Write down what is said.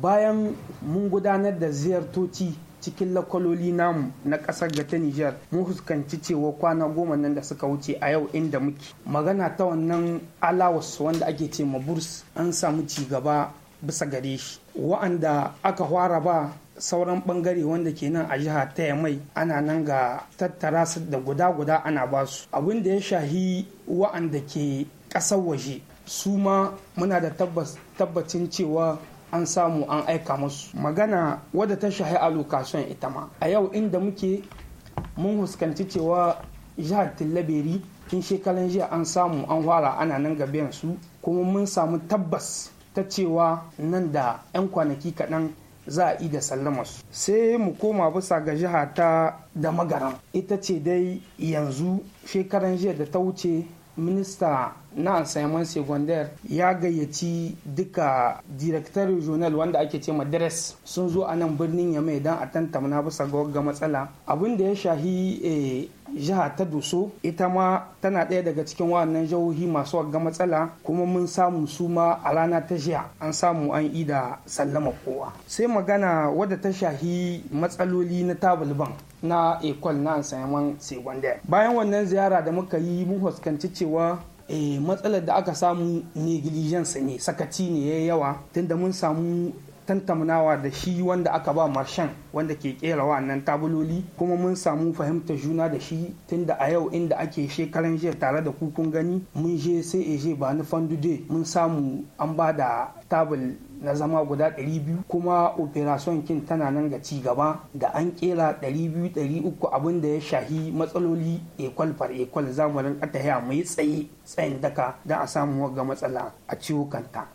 bayan mun gudanar da ziyartoci cikin lakwaloli namu na ƙasar ga ta Nijar mun fuskanci cewa kwana goma nan da suka wuce a yau inda muke magana ta wannan alawas wanda ake ce ma burs an samu ci gaba bisa gare shi wa'anda aka fara ba sauran bangare wanda ke nan a jiha ta mai ana nan ga tattara su da guda-guda ana ba su abin da ya shahi wa'anda ke ƙasar waje su ma muna da tabbacin cewa an samu an aika musu magana wadda ta shahi a lokacin ita ma a yau inda muke mun huskanci cewa jihar tillaberi tun shekaran jiya an samu an hwara ana nan ga su kuma mun samu tabbas ta cewa nan da 'yan kwanaki kaɗan za a yi da su. sai mu koma bisa ga jiha ta da magaran ita ce dai yanzu shekaran jiya da ta wuce minista na simon segonder ya gayyaci duka director regional wanda ake ce ma sun zo a nan birnin yamai don a tantamna bisa ga matsala abin da ya shahi eh, jiha ta doso ita ma tana ɗaya daga cikin wannan jihohi masu wagga matsala kuma mun samu su ma a rana ta jiya an samu an yi da sallama kowa sai magana wadda ta shahi matsaloli na tabulban na ekol na sayaman segwandar bayan wannan ziyara da muka yi mun fuskanci cewa eh, matsalar da aka samu negligence ne sakaci ne ya yawa tunda mun samu tantamunawa da shi wanda aka ba marshen wanda ke kera wannan tabuloli kuma mun samu fahimtar juna da shi tunda a yau inda ake shekaran jiya tare da kukun gani mun je sai je ba ni fandude mun samu an ba da tabul na zama guda 200 kuma operation kin tana nan ga ci gaba da an kera 200-300 abin da ya shahi matsaloli ekwal far ekwal zamurin ƙataya mai tsaye tsayin daka don a samu ga matsala a ciwukanta